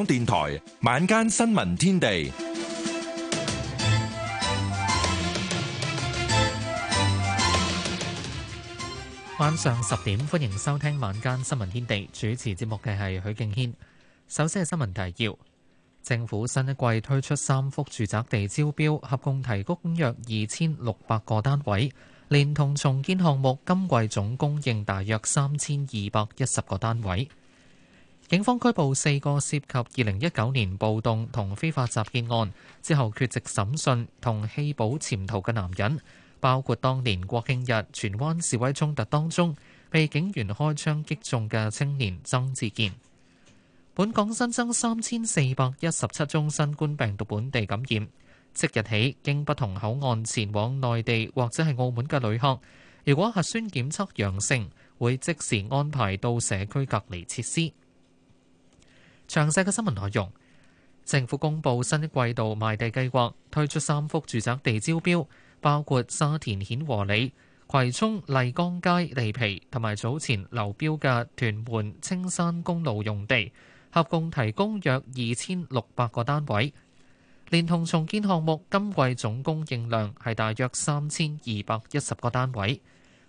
港電台晚間新聞天地，晚上十點，歡迎收聽晚間新聞天地。主持節目嘅係許敬軒。首先係新聞提要：政府新一季推出三幅住宅地招標，合共提供約二千六百個單位，連同重建項目，今季總供應大約三千二百一十個單位。警方拘捕四個涉及二零一九年暴動同非法集結案之後缺席審訊同棄保潛逃嘅男人，包括當年國慶日荃灣示威衝突當中被警員開槍擊中嘅青年曾志健。本港新增三千四百一十七宗新冠病毒本地感染，即日起經不同口岸前往內地或者係澳門嘅旅客，如果核酸檢測陽性，會即時安排到社區隔離設施。詳細嘅新聞內容，政府公布新一季度賣地計劃，推出三幅住宅地招標，包括沙田顯和里、葵涌麗江街地皮，同埋早前流標嘅屯門青山公路用地，合共提供約二千六百個單位。連同重建項目，今季總供應量係大約三千二百一十個單位。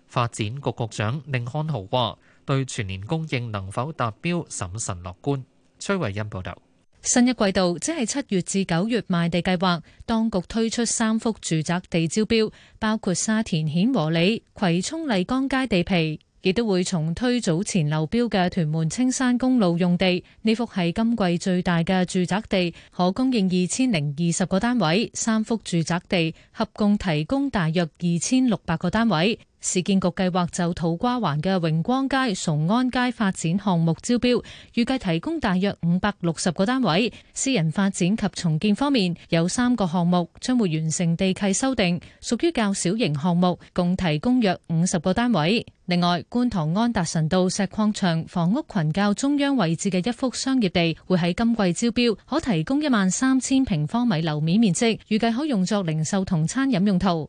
發展局局長甯漢豪話：對全年供應能否達標，審慎樂觀。崔偉欣報道：新一季度即係七月至九月賣地計劃，當局推出三幅住宅地招標，包括沙田顯和里、葵涌麗江街地皮，亦都會重推早前流標嘅屯門青山公路用地。呢幅係今季最大嘅住宅地，可供應二千零二十個單位。三幅住宅地合共提供大約二千六百個單位。市建局計劃就土瓜灣嘅榮光街、崇安街發展項目招標，預計提供大約五百六十個單位。私人發展及重建方面，有三個項目將會完成地契修訂，屬於較小型項目，共提供約五十個單位。另外，觀塘安達臣道石礦場房屋群較中央位置嘅一幅商業地，會喺今季招標，可提供一萬三千平方米樓面面積，預計可用作零售同餐飲用途。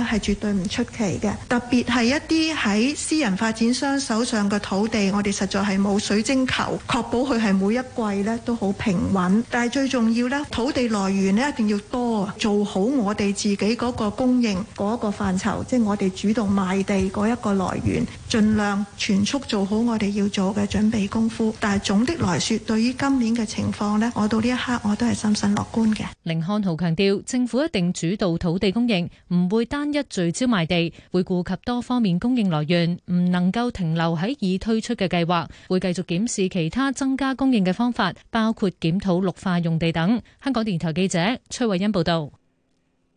係絕對唔出奇嘅，特別係一啲喺私人發展商手上嘅土地，我哋實在係冇水晶球，確保佢係每一季咧都好平穩。但係最重要咧，土地來源咧一定要多，做好我哋自己嗰個供應嗰個範疇，即係我哋主動賣地嗰一個來源，盡量全速做好我哋要做嘅準備功夫。但係總的來說，對於今年嘅情況咧，我到呢一刻我都係深信樂觀嘅。寧漢豪強調，政府一定主導土地供應，唔會單單一聚焦賣地，會顧及多方面供應來源，唔能夠停留喺已推出嘅計劃，會繼續檢視其他增加供應嘅方法，包括檢討綠化用地等。香港電台記者崔慧欣報道。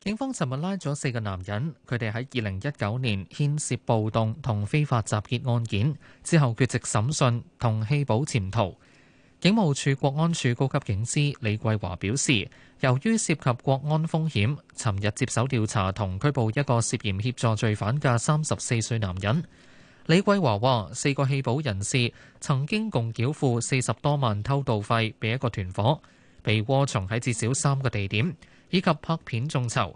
警方尋日拉咗四個男人，佢哋喺二零一九年牽涉暴動同非法集結案件，之後缺席審訊同棄保潛逃。警務處國安處高級警司李桂華表示，由於涉及國安風險，尋日接手調查同拘捕一個涉嫌協助罪犯嘅三十四歲男人。李桂華話，四個棄保人士曾經共繳付四十多萬偷渡費俾一個團夥，被窩藏喺至少三個地點，以及拍片眾籌。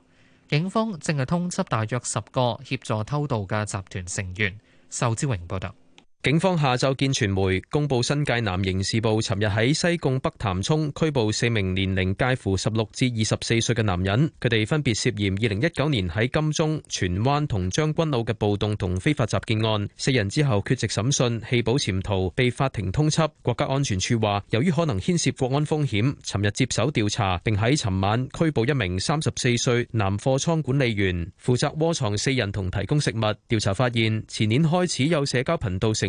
警方正係通緝大約十個協助偷渡嘅集團成員。仇志榮報道。警方下晝見傳媒公布新界南刑事部尋日喺西貢北潭涌拘捕四名年齡介乎十六至二十四歲嘅男人，佢哋分別涉嫌二零一九年喺金鐘、荃灣同將軍澳嘅暴動同非法集結案。四人之後缺席審訊，棄保潛逃，被法庭通緝。國家安全處話，由於可能牽涉國安風險，尋日接手調查，並喺尋晚拘捕一名三十四歲男貨倉管理員，負責窩藏四人同提供食物。調查發現，前年開始有社交頻道成。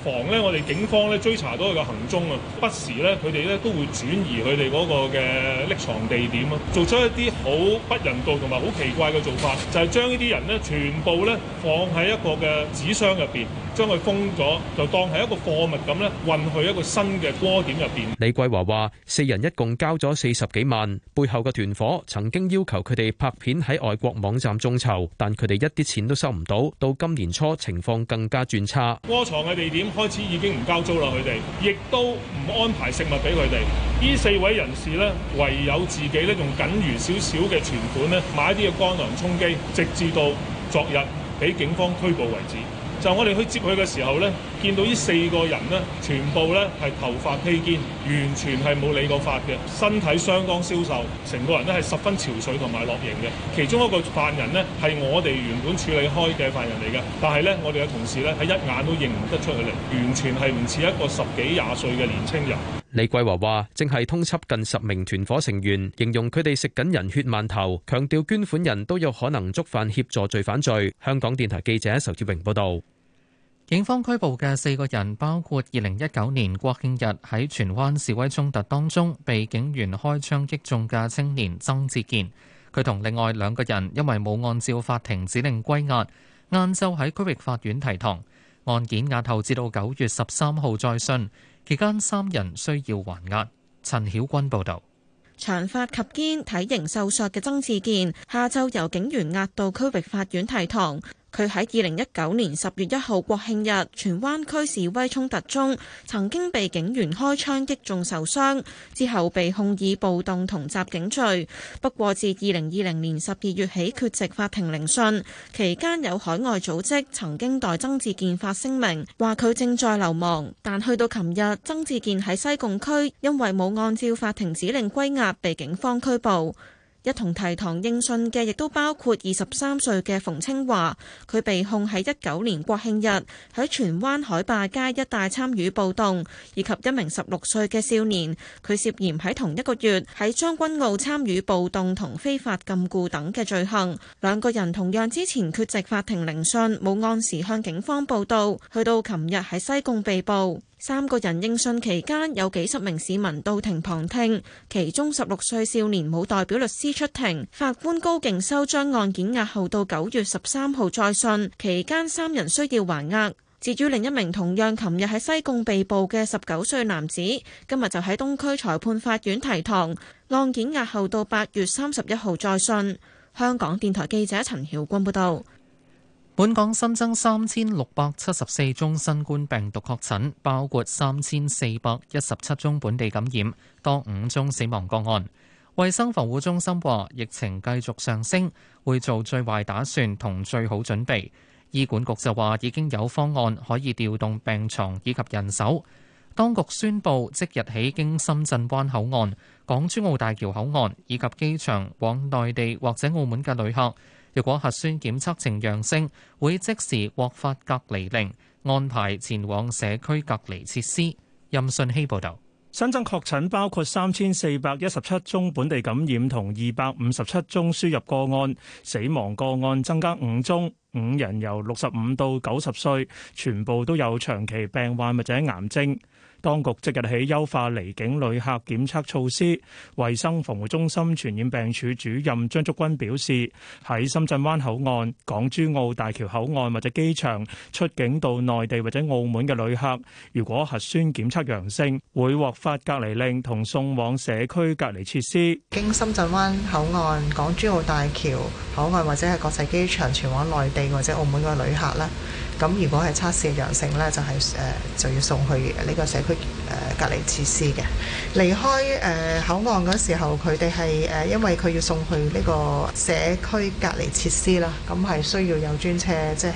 防咧，我哋警方咧追查到佢嘅行蹤啊！不時咧，佢哋咧都會轉移佢哋嗰個嘅匿藏地點啊，做出一啲好不人道同埋好奇怪嘅做法，就係將呢啲人咧全部咧放喺一個嘅紙箱入邊，將佢封咗，就當係一個貨物咁咧運去一個新嘅窩點入邊。李桂華話：四人一共交咗四十幾萬，背後嘅團伙曾經要求佢哋拍片喺外國網站眾籌，但佢哋一啲錢都收唔到。到今年初情況更加轉差，窩藏嘅地點，開始已經唔交租啦，佢哋亦都唔安排食物俾佢哋。依四位人士咧，唯有自己咧用僅餘少少嘅存款咧買啲嘅乾糧充飢，直至到昨日俾警方拘捕為止。就我哋去接佢嘅時候呢，見到呢四個人呢，全部呢，係頭髮披肩，完全係冇理過髮嘅，身體相當消瘦，成個人呢係十分憔悴同埋落形嘅。其中一個犯人呢，係我哋原本處理開嘅犯人嚟嘅，但係呢，我哋嘅同事呢，喺一眼都認唔得出佢嚟，完全係唔似一個十幾廿歲嘅年青人。李桂華話，正係通緝近十名團伙成員，形容佢哋食緊人血饅頭，強調捐款人都有可能觸犯協助罪犯罪。香港電台記者仇志榮報道。警方拘捕嘅四個人，包括二零一九年國慶日喺荃灣示威衝突當中被警員開槍擊中嘅青年曾志健。佢同另外兩個人因為冇按照法庭指令歸押，晏晝喺區域法院提堂，案件押後至到九月十三號再訊。期間三人需要還押。陳曉君報導。長髮及肩、體型瘦削嘅曾志健，下晝由警員押到區域法院提堂。佢喺二零一九年十月一號國慶日荃灣區示威衝突中，曾經被警員開槍擊中受傷，之後被控以暴動同襲警罪。不過，自二零二零年十二月起缺席法庭聆訊，期間有海外組織曾經代曾志健發聲明，話佢正在流亡。但去到琴日，曾志健喺西貢區因為冇按照法庭指令歸押，被警方拘捕。一同提堂應訊嘅，亦都包括二十三歲嘅馮清華，佢被控喺一九年國慶日喺荃灣海壩街一帶參與暴動，以及一名十六歲嘅少年，佢涉嫌喺同一個月喺將軍澳參與暴動同非法禁錮等嘅罪行。兩個人同樣之前缺席法庭聆訊，冇按時向警方報到，去到琴日喺西貢被捕。三個人應訊期間有幾十名市民到庭旁聽，其中十六歲少年冇代表律師出庭。法官高敬修將案件押後到九月十三號再訊，期間三人需要還押。至於另一名同樣琴日喺西貢被捕嘅十九歲男子，今日就喺東區裁判法院提堂，案件押後到八月三十一號再訊。香港電台記者陳曉君報導。本港新增三千六百七十四宗新冠病毒確診，包括三千四百一十七宗本地感染，多五宗死亡個案。衛生防護中心話疫情繼續上升，會做最壞打算同最好準備，醫管局就話已經有方案可以調動病床以及人手。當局宣布即日起經深圳灣口岸、港珠澳大橋口岸以及機場往內地或者澳門嘅旅客。如果核酸檢測呈陽性，會即時獲發隔離令，安排前往社區隔離設施。任舜希報道，新增確診包括三千四百一十七宗本地感染同二百五十七宗輸入個案，死亡個案增加五宗，五人由六十五到九十歲，全部都有長期病患或者癌症。當局即日起優化離境旅客檢測措施，衞生防護中心傳染病處主任張竹君表示，喺深圳灣口岸、港珠澳大橋口岸或者機場出境到內地或者澳門嘅旅客，如果核酸檢測陽性，會獲發隔離令同送往社區隔離設施。經深圳灣口岸、港珠澳大橋口岸或者係國際機場前往內地或者澳門嘅旅客呢。咁如果係測試陽性咧，就係、是、誒就要送去呢個社區誒隔離設施嘅。離開誒口岸時候，佢哋係誒因為佢要送去呢個社區隔離設施啦，咁係需要有專車即係誒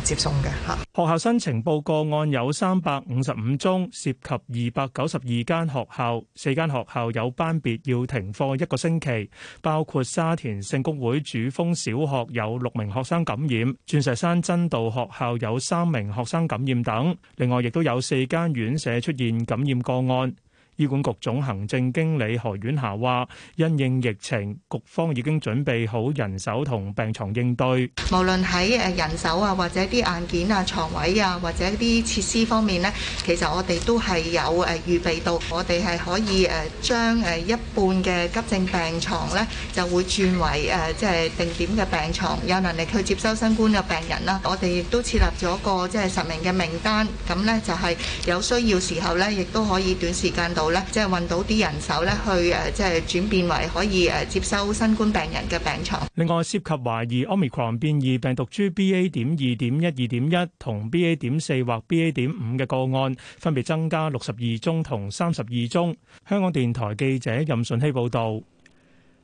誒接送嘅吓。學校申請報個案有三百五十五宗，涉及二百九十二間學校，四間學校有班別要停課一個星期，包括沙田聖公會主峰小學有六名學生感染，鑽石山真道學校有三名學生感染等，另外亦都有四間院舍出現感染個案。醫管局總行政經理何婉霞話：因應疫情，局方已經準備好人手同病床應對。無論喺誒人手啊，或者啲硬件啊、床位啊，或者啲設施方面咧，其實我哋都係有誒預備到，我哋係可以誒將誒一半嘅急症病床咧，就會轉為誒即係定點嘅病床，有能力去接收新冠嘅病人啦。我哋亦都設立咗個即係實名嘅名單，咁咧就係有需要時候咧，亦都可以短時間到。咧，即係運到啲人手咧，去誒，即係轉變為可以誒接收新冠病人嘅病牀。另外，涉及懷疑 Omicron 變異病毒株 BA. 點二點一、二點一，同 BA. 點四或 BA. 點五嘅個案，分別增加六十二宗同三十二宗。香港電台記者任順希報道。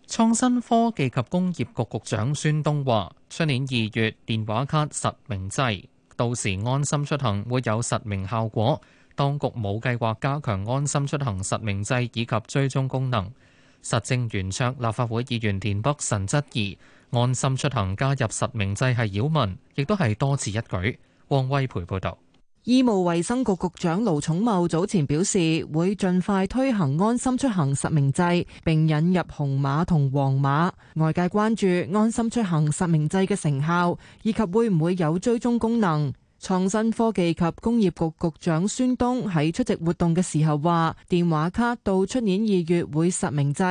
創新科技及工業局局長孫東話：出年二月電話卡實名制，到時安心出行會有實名效果。當局冇計劃加強安心出行實名制以及追蹤功能。實政圓桌立法會議員田北辰質疑安心出行加入實名制係擾民，亦都係多此一舉。汪威培報導。醫務衛生局局長盧寵茂早前表示，會盡快推行安心出行實名制並引入紅馬同黃馬。外界關注安心出行實名制嘅成效，以及會唔會有追蹤功能。創新科技及工業局局長孫東喺出席活動嘅時候話：電話卡到出年二月會實名制，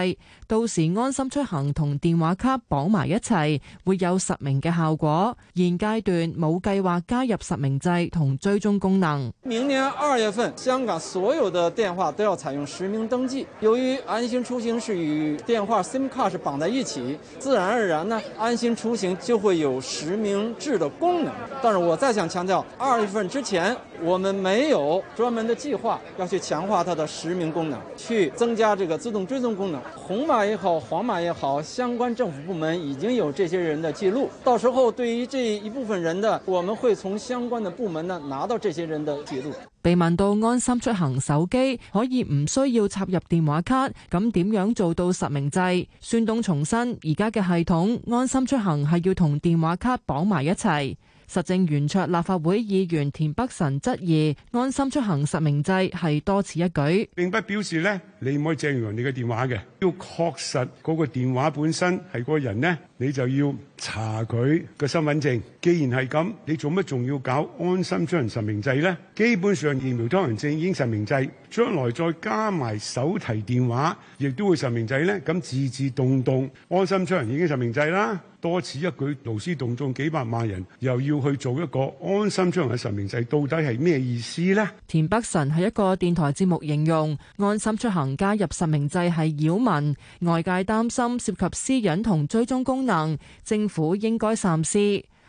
到時安心出行同電話卡綁埋一齊，會有實名嘅效果。現階段冇計劃加入實名制同追蹤功能。明年二月份，香港所有的電話都要採用實名登記。由於安心出行是與電話 SIM 卡是綁在一起，自然而然呢，安心出行就會有實名制的功能。但是我再想強調。二月份之前，我們沒有專門的計劃要去強化它的實名功能，去增加這個自動追蹤功能。紅碼也好，黃碼也好，相關政府部門已經有這些人的記錄。到時候對於這一部分人的，我們會從相關的部門呢拿到這些人的記錄。被問到安心出行手機可以唔需要插入電話卡，咁點樣做到實名制？孫東重申，而家嘅系統安心出行係要同電話卡綁埋一齊。實政圓桌立法會議員田北辰質疑安心出行實名制係多此一舉，並不表示咧你唔可以借用人哋嘅電話嘅，要確實嗰個電話本身係嗰個人咧，你就要查佢個身份證。既然係咁，你做乜仲要搞安心出行實名制咧？基本上疫苗通行證已經實名制，將來再加埋手提電話，亦都會實名制咧。咁自自動動安心出行已經實名制啦。多此一舉，勞師動眾幾百萬人又要去做一個安心出行嘅實名制，到底係咩意思呢？田北辰喺一個電台節目形容安心出行加入實名制係擾民，外界擔心涉及私隱同追蹤功能，政府應該三思。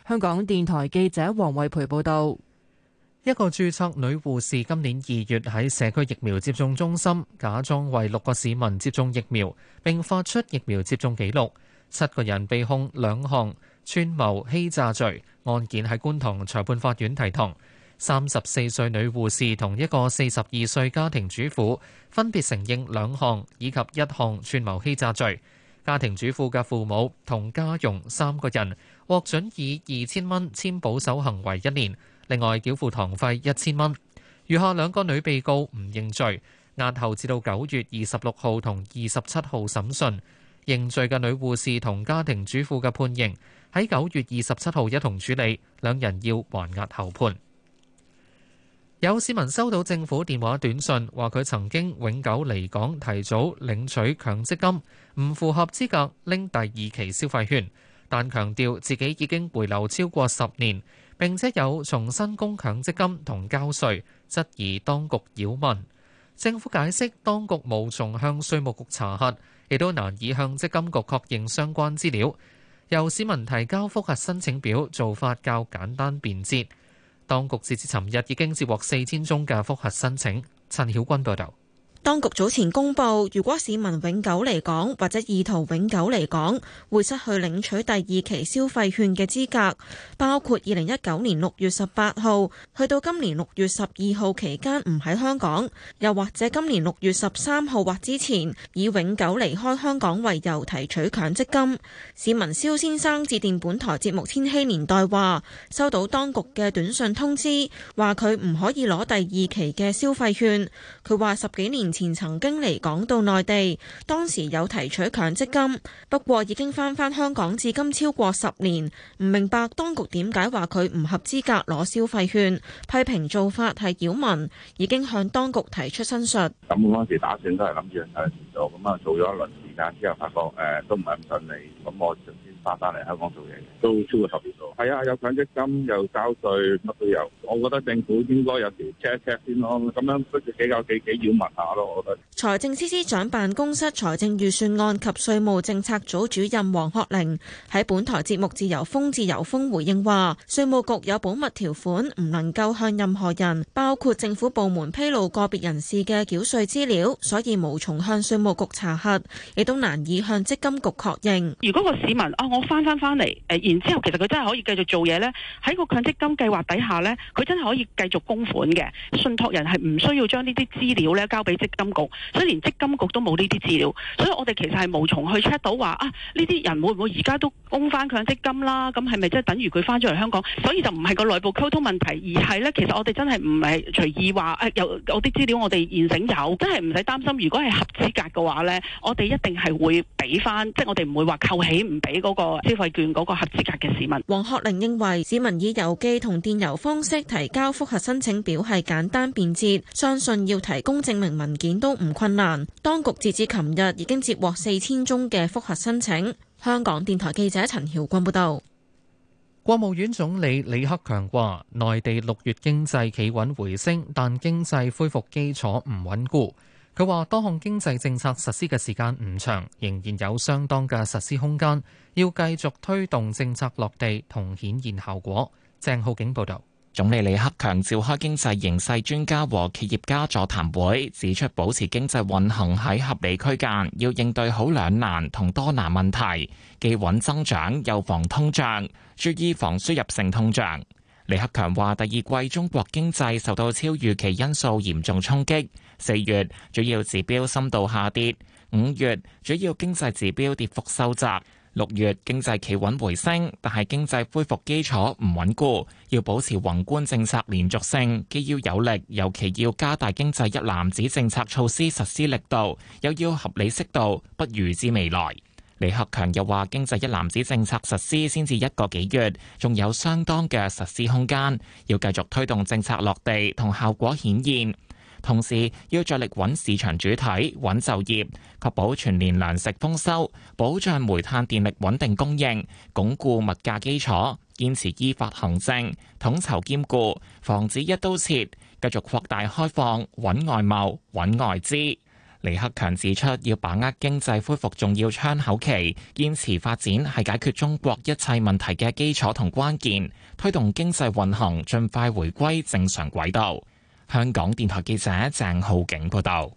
香港電台記者黃惠培報道，一個註冊女護士今年二月喺社區疫苗接種中心假裝為六個市民接種疫苗，並發出疫苗接種記錄。七個人被控兩項串謀欺詐罪，案件喺觀塘裁判法院提堂。三十四歲女護士同一個四十二歲家庭主婦分別承認兩項以及一項串謀欺詐罪。家庭主婦嘅父母同家傭三個人獲准以二千蚊簽保守行為一年，另外繳付堂費一千蚊。餘下兩個女被告唔認罪，押後至到九月二十六號同二十七號審訊。認罪嘅女護士同家庭主婦嘅判刑喺九月二十七號一同處理，兩人要還押候判。有市民收到政府電話短信，話佢曾經永久離港提早領取強積金，唔符合資格拎第二期消費券，但強調自己已經回流超過十年，並且有重新供強積金同交稅，質疑當局擾民。政府解釋，當局無從向稅務局查核。亦都難以向積金局確認相關資料，由市民提交複核申請表，做法較簡單便捷。當局截至尋日已經接獲四千宗嘅複核申請，陳曉君報道。當局早前公布，如果市民永久離港或者意圖永久離港，會失去領取第二期消費券嘅資格，包括二零一九年六月十八號去到今年六月十二號期間唔喺香港，又或者今年六月十三號或之前以永久離開香港為由提取強積金。市民蕭先生致電本台節目《千禧年代》話，收到當局嘅短信通知，話佢唔可以攞第二期嘅消費券。佢話十幾年前曾經嚟港到內地，當時有提取強積金，不過已經翻返香港，至今超過十年。唔明白當局點解話佢唔合資格攞消費券，批評做法係擾民，已經向當局提出申述。咁我當時打算都係諗住喺度做，咁啊做咗一輪時間之後，發覺、呃、都唔係咁順利，咁我就先返返嚟香港做嘢，都超過十年。係啊，有強積金有交稅，乜都有。我覺得政府應該有時 check check 先咯，咁樣比較幾幾擾民下。財政司司長辦公室財政預算案及稅務政策組主任黃學玲喺本台節目《自由風》自由風回應話，稅務局有保密條款，唔能夠向任何人，包括政府部門披露個別人士嘅繳稅資料，所以無從向稅務局查核，亦都難以向積金局確認。如果個市民啊，我翻翻翻嚟，然之後其實佢真係可以繼續做嘢呢，喺個強積金計劃底下呢，佢真係可以繼續供款嘅，信託人係唔需要將呢啲資料咧交俾金局，所以連積金局都冇呢啲資料，所以我哋其實係無從去 check 到話啊，呢啲人會唔會而家都？供翻強積金啦，咁係咪即係等於佢翻咗嚟香港？所以就唔係個內部溝通問題，而係呢。其實我哋真係唔係隨意話誒，有有啲資料我哋現成有，真係唔使擔心。如果係合資格嘅話呢，我哋一定係會俾翻，即係我哋唔會話扣起唔俾嗰個消費券嗰個合資格嘅市民。黃學玲認為，市民以郵寄同電郵方式提交複核申請表係簡單便捷，相信要提供證明文件都唔困難。當局截至琴日已經接獲四千宗嘅複核申請。香港電台記者陳曉君報道，國務院總理李克強話，內地六月經濟企穩回升，但經濟恢復基礎唔穩固。佢話多項經濟政策實施嘅時間唔長，仍然有相當嘅實施空間，要繼續推動政策落地同顯現效果。鄭浩景報道。總理李克強召開經濟形勢專家和企業家座談會，指出保持經濟運行喺合理區間，要應對好兩難同多難問題，既穩增長又防通脹，注意防輸入性通脹。李克強話：第二季中國經濟受到超預期因素嚴重衝擊，四月主要指標深度下跌，五月主要經濟指標跌幅收窄。六月經濟企穩回升，但係經濟恢復基礎唔穩固，要保持宏觀政策連續性，既要有力，尤其要加大經濟一攬子政策措施實施力度，又要合理適度，不預支未來。李克強又話，經濟一攬子政策實施先至一個幾月，仲有相當嘅實施空間，要繼續推動政策落地同效果顯現。同時要着力穩市場主體、穩就業，確保全年糧食豐收，保障煤炭電力穩定供應，鞏固物價基礎，堅持依法行政，統籌兼顧，防止一刀切，繼續擴大開放，穩外貿、穩外資。李克強指出，要把握經濟恢復重要窗口期，堅持發展係解決中國一切問題嘅基礎同關鍵，推動經濟運行盡快回歸正常軌道。香港電台記者鄭浩景報道：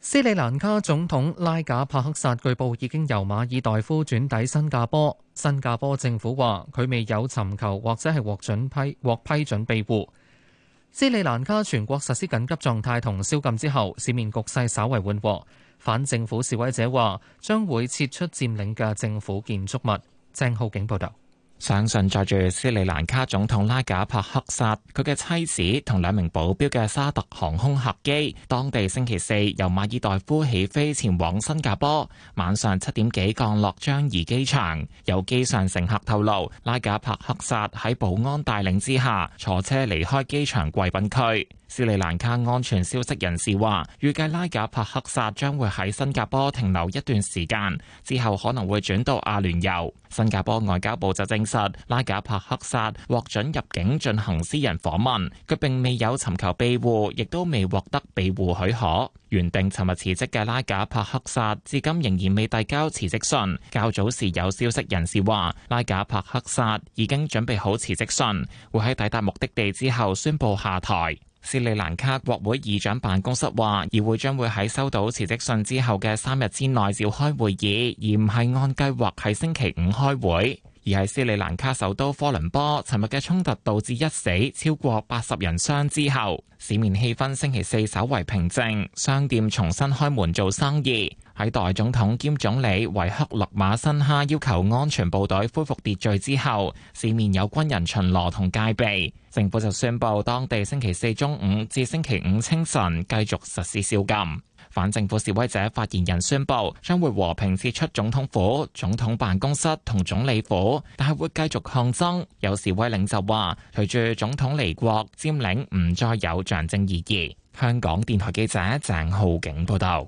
斯里蘭卡總統拉賈帕克薩據報已經由馬爾代夫轉抵新加坡。新加坡政府話佢未有尋求或者係獲准批獲批准庇護。斯里蘭卡全國實施緊急狀態同宵禁之後，市面局勢稍為緩和。反政府示威者話將會撤出佔領嘅政府建築物。鄭浩景報道。相信載住斯里蘭卡總統拉賈帕克薩、佢嘅妻子同兩名保鏢嘅沙特航空客機，當地星期四由馬爾代夫起飛前往新加坡，晚上七點幾降落樟宜機場。有機上乘客透露，拉賈帕克薩喺保安帶領之下，坐車離開機場貴賓區。斯里蘭卡安全消息人士話，預計拉賈帕克薩將會喺新加坡停留一段時間，之後可能會轉到阿聯酋。新加坡外交部就證實，拉賈帕克薩獲准入境進行私人訪問，佢並未有尋求庇護，亦都未獲得庇護許可。原定尋日辭職嘅拉賈帕克薩至今仍然未遞交辭職信。較早時有消息人士話，拉賈帕克薩已經準備好辭職信，會喺抵達目的地之後宣布下台。斯里蘭卡國會議長辦公室話，議會將會喺收到辭職信之後嘅三日之內召開會議，而唔係按計劃喺星期五開會。而喺斯里蘭卡首都科倫坡尋日嘅衝突導致一死，超過八十人傷之後，市面氣氛星期四稍為平靜，商店重新開門做生意。喺代總統兼總理維克勒馬辛哈要求安全部隊恢復秩序之後，市面有軍人巡邏同戒備，政府就宣布當地星期四中午至星期五清晨繼續實施宵禁。反政府示威者發言人宣布將會和平撤出總統府、總統辦公室同總理府，但係會繼續抗爭。有示威領袖話：隨住總統離國，佔領唔再有象徵意義。香港電台記者鄭浩景報道。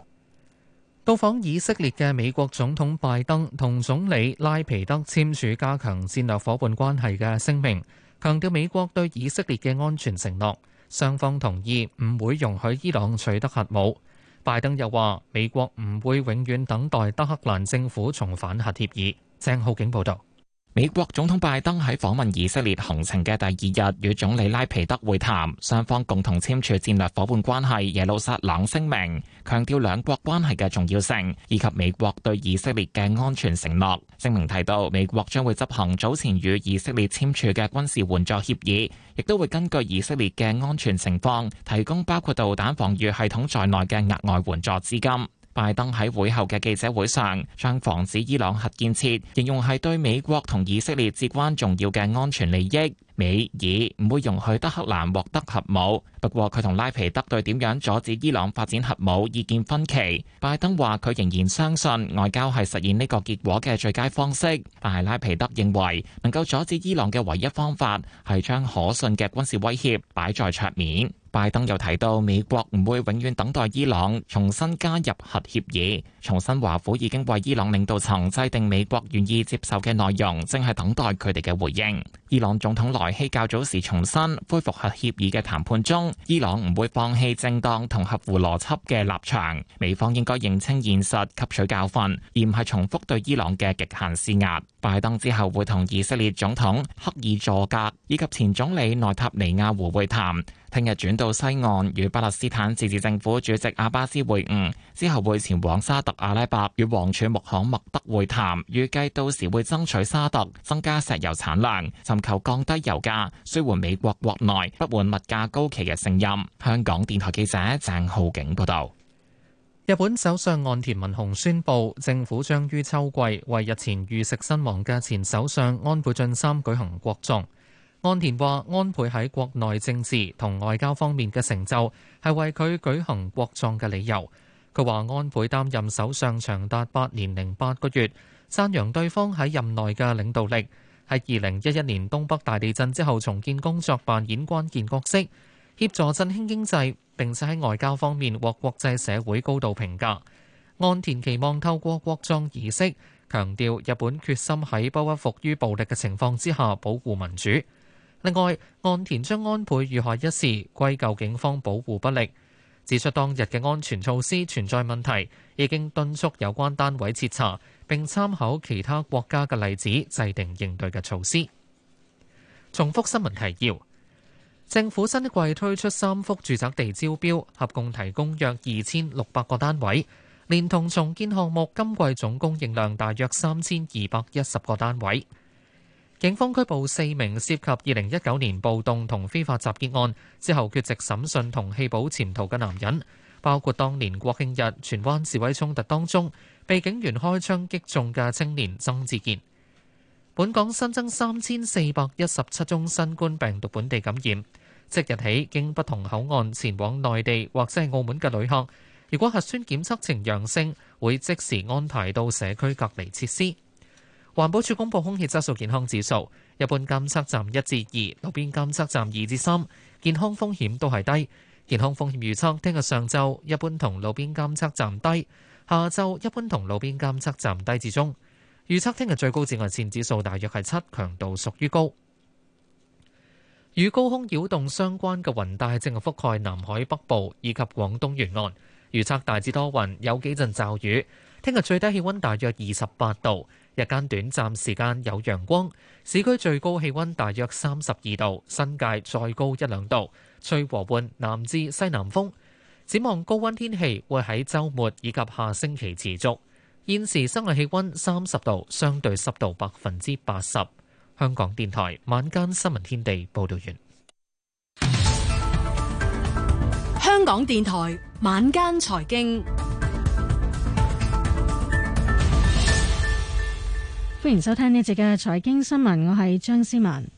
到訪以色列嘅美國總統拜登同總理拉皮德簽署加強戰略夥伴關係嘅聲明，強調美國對以色列嘅安全承諾。雙方同意唔會容許伊朗取得核武。拜登又話：美國唔會永遠等待德克蘭政府重返核協議。鄭浩景報導。美國總統拜登喺訪問以色列行程嘅第二日，與總理拉皮德會談，雙方共同簽署戰略夥伴關係耶路撒冷聲明，強調兩國關係嘅重要性以及美國對以色列嘅安全承諾。聲明提到，美國將會執行早前與以色列簽署嘅軍事援助協議，亦都會根據以色列嘅安全情況提供包括導彈防禦系統在內嘅額外援助資金。拜登喺會後嘅記者會上，將防止伊朗核建設形容係對美國同以色列至關重要嘅安全利益。美以唔會容許德黑蘭獲得核武，不過佢同拉皮德對點樣阻止伊朗發展核武意見分歧。拜登話佢仍然相信外交係實現呢個結果嘅最佳方式，但係拉皮德認為能夠阻止伊朗嘅唯一方法係將可信嘅軍事威脅擺在桌面。拜登又提到美國唔會永遠等待伊朗重新加入核協議，重申華府已經為伊朗領導層制定美國願意接受嘅內容，淨係等待佢哋嘅回應。伊朗總統來希較早時重新恢復核協議嘅談判中，伊朗唔會放棄正當同合乎邏輯嘅立場，美方應該認清現實，吸取教訓，而唔係重複對伊朗嘅極限施壓。拜登之後會同以色列總統赫爾佐格以及前總理內塔尼亞胡會談。聽日轉到西岸與巴勒斯坦自治政府主席阿巴斯會晤，之後會前往沙特阿拉伯與王儲穆罕默德會談，預計到時會爭取沙特增加石油產量，尋求降低油價，舒緩美國國內不滿物價高企嘅聲音。香港電台記者鄭浩景報道。日本首相岸田文雄宣布，政府將於秋季為日前遇食身亡嘅前首相安倍晉三舉行國葬。岸田話安倍喺國內政治同外交方面嘅成就係為佢舉行國葬嘅理由。佢話安倍擔任首相長達八年零八個月，讚揚對方喺任內嘅領導力，喺二零一一年東北大地震之後重建工作扮演關鍵角色，協助振興經濟，並且喺外交方面獲國際社會高度評價。岸田期望透過國葬儀式，強調日本決心喺不屈服於暴力嘅情況之下保護民主。另外，岸田將安倍遇害一事歸咎警方保護不力，指出當日嘅安全措施存在問題，已經敦促有關單位徹查，並參考其他國家嘅例子制定應對嘅措施。重複新聞提要：政府新一季推出三幅住宅地招標，合共提供約二千六百個單位，連同重建項目，今季總供應量大約三千二百一十個單位。警方拘捕四名涉及二零一九年暴動同非法集結案之後缺席審訊同棄保潛逃嘅男人，包括當年國慶日荃灣示威衝突當中被警員開槍擊中嘅青年曾志健。本港新增三千四百一十七宗新冠病毒本地感染，即日起經不同口岸前往內地或者係澳門嘅旅客，如果核酸檢測呈陽性，會即時安排到社區隔離設施。環保署公布空氣質素健康指數，一般監測站一至二，路邊監測站二至三，健康風險都係低。健康風險預測聽日上晝一般同路邊監測站低，下晝一般同路邊監測站低至中。預測聽日最高紫外線指數大約係七，強度屬於高。與高空擾動相關嘅雲帶正係覆蓋南海北部以及廣東沿岸，預測大致多雲，有幾陣驟雨。聽日最低氣温大約二十八度。日間短暫時間有陽光，市區最高氣溫大約三十二度，新界再高一兩度，吹和緩南至西南風。展望高溫天氣會喺週末以及下星期持續。現時室外氣溫三十度，相對濕度百分之八十。香港電台晚間新聞天地報道完。香港電台晚間財經。歡迎收聽呢一節嘅財經新聞，我係張思文。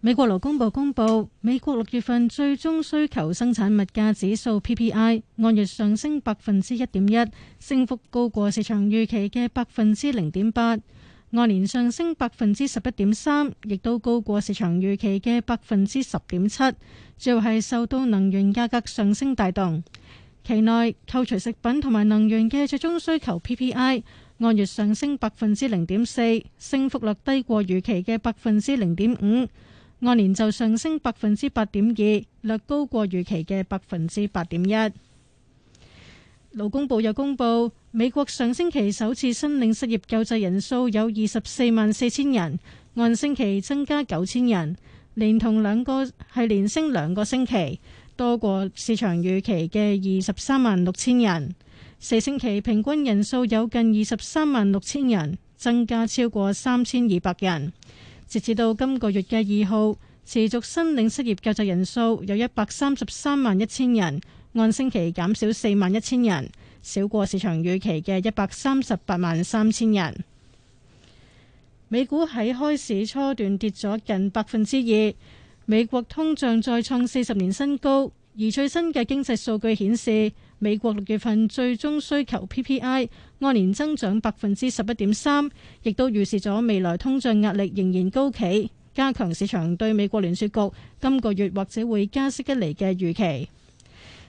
美國勞工部公布美國六月份最終需求生產物價指數 PPI 按月上升百分之一點一，升幅高過市場預期嘅百分之零點八，按年上升百分之十一點三，亦都高過市場預期嘅百分之十點七，主要係受到能源價格上升帶動。期內扣除食品同埋能源嘅最終需求 PPI。按月上升百分之零點四，升幅略低過預期嘅百分之零點五；按年就上升百分之八點二，略高過預期嘅百分之八點一。勞工部又公布，美國上星期首次申領失業救濟人數有二十四萬四千人，按星期增加九千人，連同兩個係連升兩個星期，多過市場預期嘅二十三萬六千人。四星期平均人數有近二十三萬六千人，增加超過三千二百人。截至到今個月嘅二號，持續申領失業救濟人數有一百三十三萬一千人，按星期減少四萬一千人，少過市場預期嘅一百三十八萬三千人。美股喺開市初段跌咗近百分之二，美國通脹再創四十年新高，而最新嘅經濟數據顯示。美國六月份最終需求 PPI 按年增長百分之十一點三，亦都預示咗未來通脹壓力仍然高企，加強市場對美國聯儲局今個月或者會加息一厘嘅預期。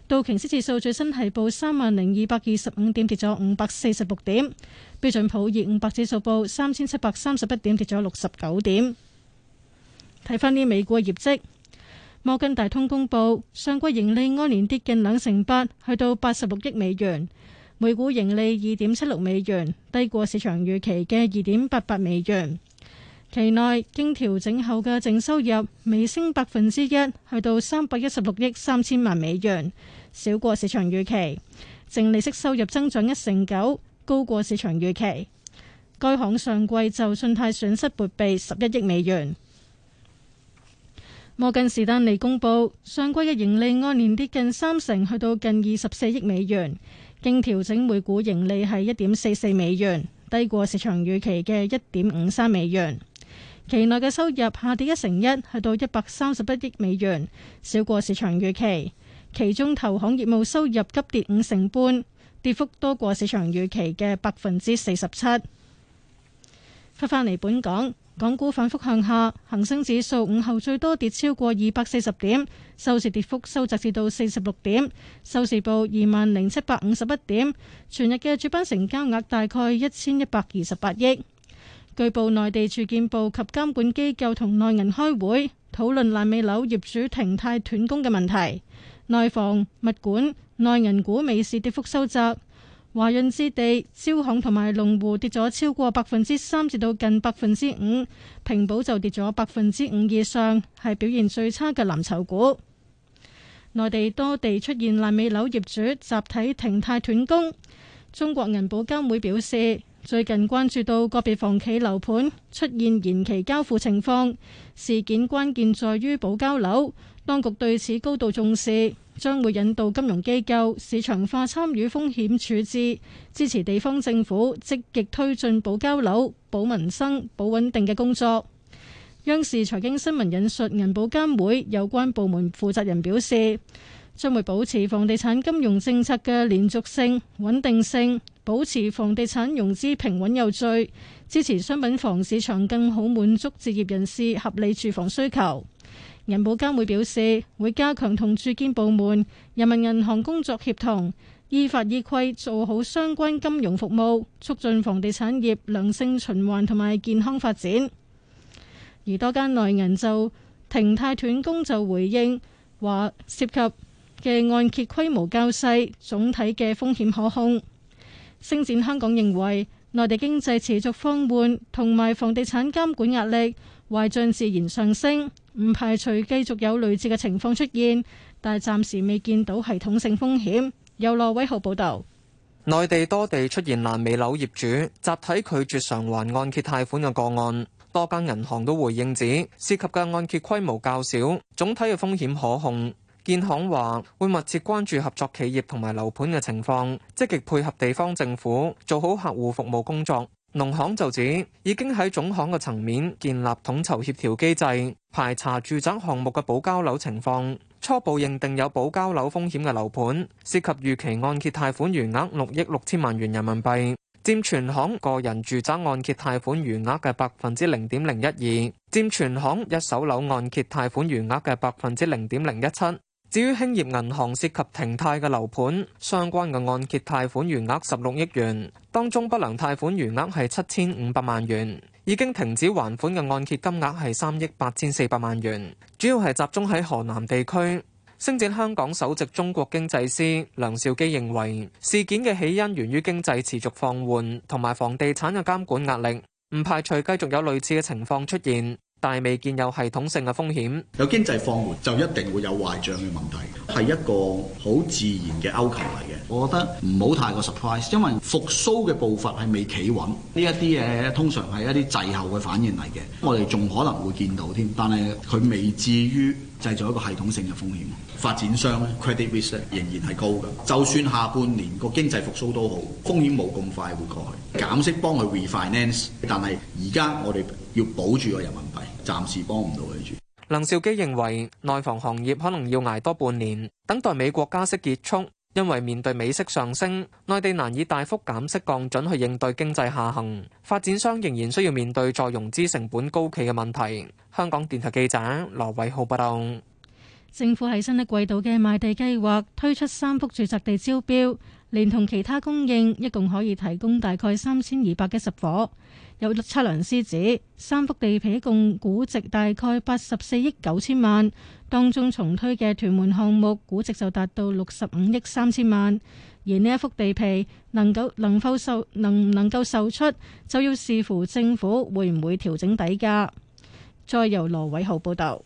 道瓊斯指數最新係報三萬零二百二十五點，跌咗五百四十六點；標準普爾五百指數報三千七百三十一點，跌咗六十九點。睇翻啲美國業績。摩根大通公布上季盈利按年跌近兩成八，去到八十六億美元，每股盈利二點七六美元，低過市場預期嘅二點八八美元。期內經調整後嘅淨收入微升百分之一，去到三百一十六億三千萬美元，少過市場預期。淨利息收入增長一成九，高過市場預期。該行上季就信貸損失撥備十一億美元。摩根士丹利公布上季嘅盈利按年跌近三成，去到近二十四億美元，經調整每股盈利係一點四四美元，低過市場預期嘅一點五三美元。期內嘅收入下跌一成一，去到一百三十一億美元，少過市場預期。其中投行業務收入急跌五成半，跌幅多過市場預期嘅百分之四十七。翻翻嚟本港。港股反覆向下，恆生指數午後最多跌超過二百四十點，收市跌幅收窄至到四十六點，收市報二萬零七百五十一點。全日嘅主板成交額大概一千一百二十八億。據報內地住建部及監管機構同內銀開會，討論爛尾樓業主停貸斷供嘅問題。內房、物管、內銀股尾市跌幅收窄。華潤置地、招行同埋龍湖跌咗超過百分之三，至到近百分之五，平保就跌咗百分之五以上，係表現最差嘅藍籌股。內地多地出現爛尾樓業主集體停貸斷供。中國銀保監會表示，最近關注到個別房企樓盤出現延期交付情況，事件關鍵在於保交樓。當局對此高度重視，將會引導金融機構市場化參與風險處置，支持地方政府積極推進保交樓、保民生、保穩定嘅工作。央視財經新聞引述銀保監會有關部門負責人表示，將會保持房地產金融政策嘅連續性、穩定性，保持房地產融資平穩有序，支持商品房市場更好滿足置業人士合理住房需求。銀保監會表示，會加強同住建部門、人民銀行工作協同，依法依規做好相關金融服務，促進房地產業良性循環同埋健康發展。而多間內銀就停貸斷供就回應話，涉及嘅按揭規模較細，總體嘅風險可控。星展香港認為，內地經濟持續放緩同埋房地產監管壓力，壞賬自然上升，唔排除繼續有類似嘅情況出現，但係暫時未見到系統性風險。由羅偉豪報道，內地多地出現爛尾樓業主集體拒絕償還按揭貸款嘅個案，多間銀行都回應指，涉及嘅按揭規模較少，總體嘅風險可控。建行話會密切關注合作企業同埋樓盤嘅情況，積極配合地方政府，做好客戶服務工作。農行就指已經喺總行嘅層面建立統籌協調機制，排查住宅項目嘅保交樓情況，初步認定有保交樓風險嘅樓盤，涉及預期按揭貸款餘額六億六千萬元人民幣，佔全行個人住宅按揭貸款餘額嘅百分之零點零一二，佔全行一手樓按揭貸款餘額嘅百分之零點零一七。至於興業銀行涉及停貸嘅樓盤，相關嘅按揭貸款餘額十六億元，當中不良貸款餘額係七千五百萬元，已經停止還款嘅按揭金額係三億八千四百萬元，主要係集中喺河南地區。星展香港首席中國經濟師梁兆基認為，事件嘅起因源於經濟持續放緩同埋房地產嘅監管壓力，唔排除繼續有類似嘅情況出現。但係未見有系統性嘅風險，有經濟放緩就一定會有壞帳嘅問題，係一個好自然嘅勾求嚟嘅。我覺得唔好太過 surprise，因為復甦嘅步伐係未企穩。呢一啲嘢通常係一啲滯後嘅反應嚟嘅，我哋仲可能會見到添。但係佢未至於製造一個系統性嘅風險。發展商 credit risk 仍然係高嘅，就算下半年個經濟復甦都好，風險冇咁快會過去。減息幫佢 refinance，但係而家我哋要保住個人民幣。暫時幫唔到佢住。林兆基認為，內房行業可能要挨多半年，等待美國加息結束，因為面對美息上升，內地難以大幅減息降準去應對經濟下行。發展商仍然需要面對再融資成本高企嘅問題。香港電台記者羅偉浩報道。政府喺新一季度嘅賣地計劃推出三幅住宅地招標，連同其他供應，一共可以提供大概三千二百一十伙。有測量師指三幅地皮共估值大概八十四億九千萬，當中重推嘅屯門項目估值就達到六十五億三千萬，而呢一幅地皮能夠能否售能唔能夠售出，就要視乎政府會唔會調整底價。再由羅偉豪報導。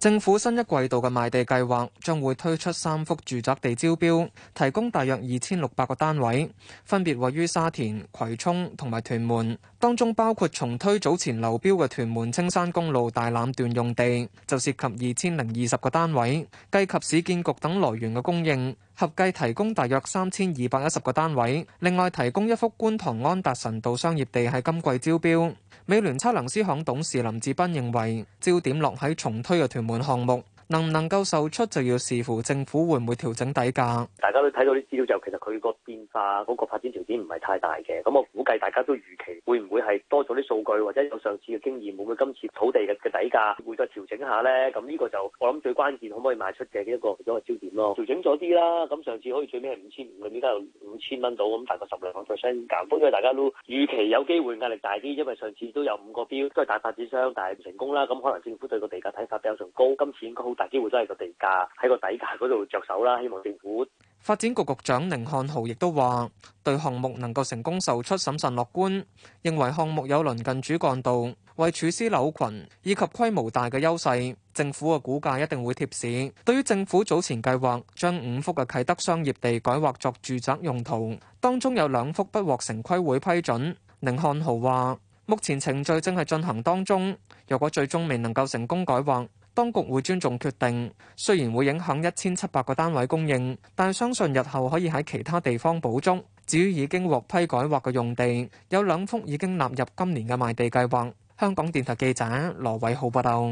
政府新一季度嘅賣地計劃將會推出三幅住宅地招標，提供大約二千六百個單位，分別位於沙田、葵涌同埋屯門，當中包括重推早前流標嘅屯門青山公路大欖段用地，就涉及二千零二十個單位，計及市建局等來源嘅供應，合計提供大約三千二百一十個單位。另外提供一幅觀塘安達臣道商業地喺今季招標。美聯測量師行董事林志斌認為，焦點落喺重推嘅屯門項目。能唔能夠售出就要視乎政府會唔會調整底價。大家都睇到啲資料就其實佢個變化嗰個發展條件唔係太大嘅，咁我估計大家都預期會唔會係多咗啲數據或者有上次嘅經驗，會唔會今次土地嘅底價會再調整下咧？咁呢個就我諗最關鍵可唔可以賣出嘅一個咁嘅焦點咯。調整咗啲啦，咁上次可以最尾係五千五，咁而家又五千蚊到，咁大概十零個 percent 減。不過大家都預期有機會壓力大啲，因為上次都有五個標都係大發展商，但係唔成功啦。咁可能政府對個地價睇法比較上高，今次應該好。大機會都係個地價喺個底價嗰度着手啦，希望政府發展局局長甯漢豪亦都話對項目能夠成功售出審慎樂觀，認為項目有鄰近主幹道、為處施樓群以及規模大嘅優勢，政府嘅估價一定會貼市。對於政府早前計劃將五幅嘅啟德商業地改劃作住宅用途，當中有兩幅不獲城規會批准，甯漢豪話目前程序正喺進行當中，若果最終未能夠成功改劃，當局會尊重決定，雖然會影響一千七百個單位供應，但相信日後可以喺其他地方補足。至於已經獲批改劃嘅用地，有兩幅已經納入今年嘅賣地計劃。香港電台記者羅偉浩報道。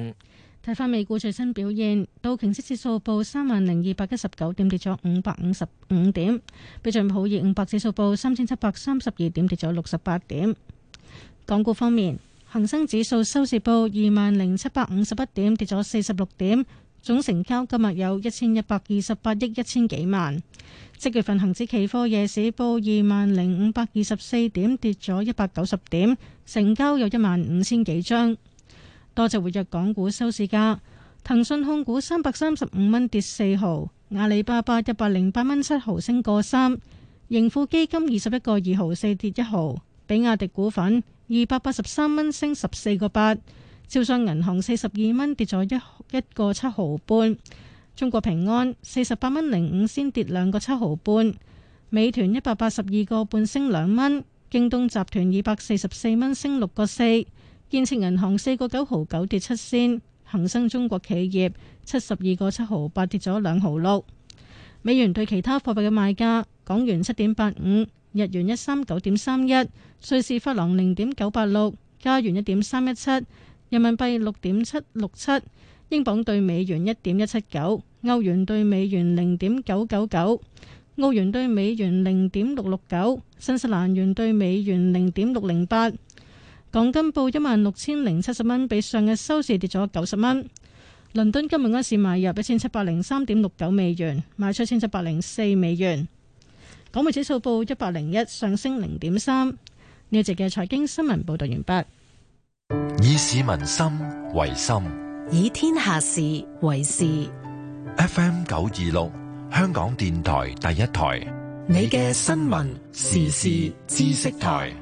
睇翻美股最新表現，道瓊斯指數報三萬零二百一十九點，跌咗五百五十五點；標準普爾五百指數報三千七百三十二點，跌咗六十八點。港股方面。恒生指數收市報二萬零七百五十一點，跌咗四十六點。總成交今日有一千一百二十八億一千幾萬。即月份恒指期貨夜市報二萬零五百二十四點，跌咗一百九十點。成交有一萬五千幾張。多隻活躍港股收市價：騰訊控股三百三十五蚊跌四毫，阿里巴巴一百零八蚊七毫升個三，盈富基金二十一個二毫四跌一毫，比亞迪股份。二百八十三蚊升十四個八，招商銀行四十二蚊跌咗一一個七毫半，中國平安四十八蚊零五仙跌兩個七毫半，美團一百八十二個半升兩蚊，京東集團二百四十四蚊升六個四，建設銀行四個九毫九跌七仙，恒生中國企業七十二個七毫八跌咗兩毫六，美元對其他貨幣嘅賣價，港元七點八五。日元一三九點三一，瑞士法郎零點九八六，加元一點三一七，人民幣六點七六七，英鎊兌美元一點一七九，歐元兌美元零點九九九，澳元兌美元零點六六九，新西蘭元兌美元零點六零八。港金報一萬六千零七十蚊，比上日收市跌咗九十蚊。倫敦今日晏市買入一千七百零三點六九美元，賣出一千七百零四美元。港股指數報一百零一，上升零點三。呢集嘅財經新聞報道完畢。以市民心為心，以天下事為事。F M 九二六，香港電台第一台，你嘅新聞時事知識台。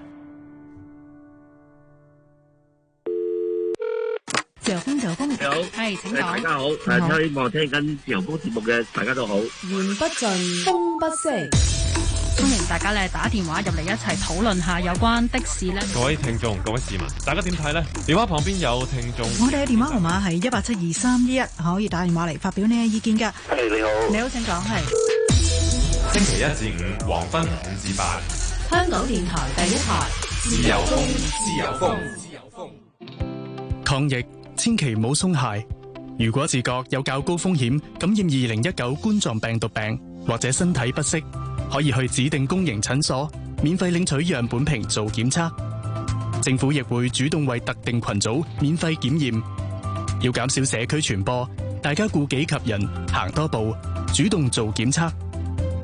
自由風，自由風，係請大家好，係聽希望聽緊自由風節目嘅大家都好。言不盡，風不息。歡迎大家咧打電話入嚟一齊討論下有關的士呢。各位聽眾，各位市民，大家點睇呢？電話旁邊有聽眾。我哋嘅電話號碼係一八七二三一一，可以打電話嚟發表你嘅意見噶。喂，你好。你好，請講。係星期一至五黃昏五至八。香港電台第一台，自由風，自由風，自由風。抗疫千祈唔好鬆懈。如果自覺有較高風險感染二零一九冠狀病毒病，或者身體不適。可以去指定公營診所免費領取樣本瓶做檢測，政府亦會主動為特定群組免費檢驗，要減少社區傳播，大家顧己及人，行多步，主動做檢測，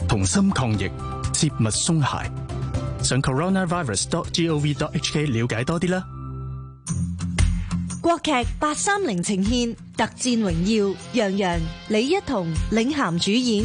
同心抗疫，切勿鬆懈。上 coronavirus.gov.hk 了解多啲啦。國劇八三零呈現《特戰榮耀》，楊洋、李一桐領銜主演。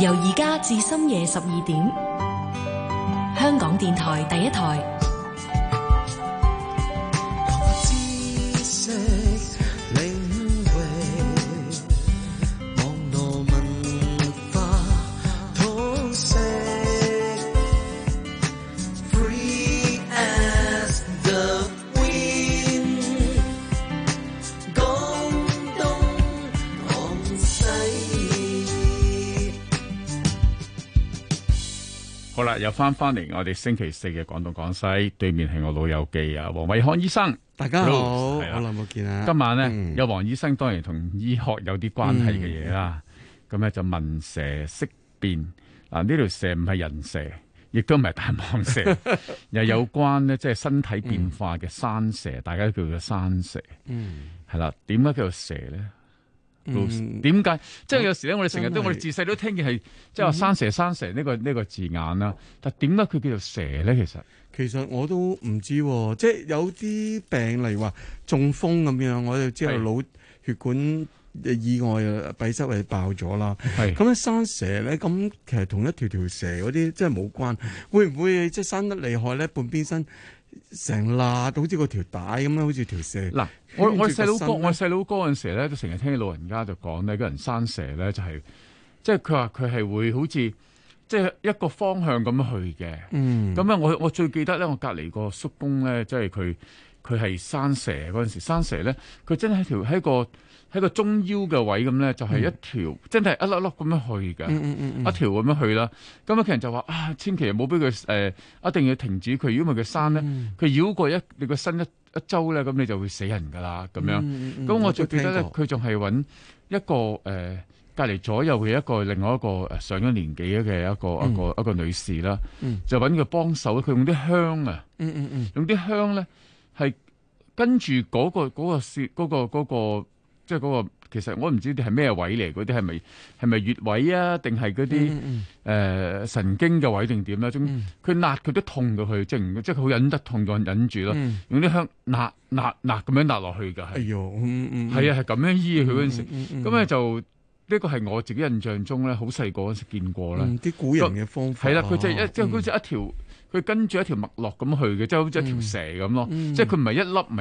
由而家至深夜十二點，香港電台第一台。又翻翻嚟，我哋星期四嘅廣東廣西對面係我老友記啊，黃偉康醫生，大家好，好耐冇見啊！見今晚咧、嗯、有黃醫生，當然同醫學有啲關係嘅嘢啦。咁咧、嗯、就問蛇色變嗱，呢、啊、條蛇唔係人蛇，亦都唔係大蟒蛇， 又有關咧即係身體變化嘅山蛇，嗯、大家都叫佢山蛇。嗯，係啦、啊，點解叫蛇咧？點解？即係有時咧，我哋成日都，是我哋自細都聽見係，即係話生蛇生蛇呢，這個呢，這個字眼啦。但係點解佢叫做蛇咧？其實其實我都唔知，即係有啲病例如話中風咁樣，我哋之後腦血管意是外啊，閉塞位爆咗啦。係咁樣生蛇咧，咁其實同一條條蛇嗰啲即係冇關，會唔會即係生得厲害咧？半邊身。成罅到好似個條帶咁樣，好似條蛇。嗱，我我細佬哥，呢我細佬哥嗰陣時咧，都成日聽啲老人家就講咧，嗰人生蛇咧就係，即係佢話佢係會好似，即係一個方向咁去嘅。嗯，咁啊，我我最記得咧，我隔籬個叔公咧，即係佢佢係生蛇嗰陣時，生蛇咧，佢真係一條喺個。喺個中腰嘅位咁咧，就係一條真係一粒粒咁樣去嘅一條咁樣去啦。咁啊，其他人就話啊，千祈唔好俾佢誒，一定要停止佢，因為佢山咧，佢繞過一你個身一一周咧，咁你就會死人噶啦。咁樣咁，我仲記得咧，佢仲係揾一個誒隔離左右嘅一個另外一個誒上咗年紀嘅一個一個一個女士啦，就揾佢幫手。佢用啲香啊，用啲香咧係跟住嗰個嗰個嗰個，即係嗰個，其實我唔知啲係咩位嚟，嗰啲係咪係咪穴位啊？定係嗰啲誒神經嘅位定點咧？佢辣佢都痛到佢，即係即係好忍得痛就忍住咯，用啲香焫焫焫咁樣焫落去嘅。係啊，係咁樣醫佢嗰陣時，咁咧就呢個係我自己印象中咧，好細個嗰時見過啦。啲古人嘅方法係啦，佢就一即係好似一條佢跟住一條脈絡咁去嘅，即係好似一條蛇咁咯。即係佢唔係一粒。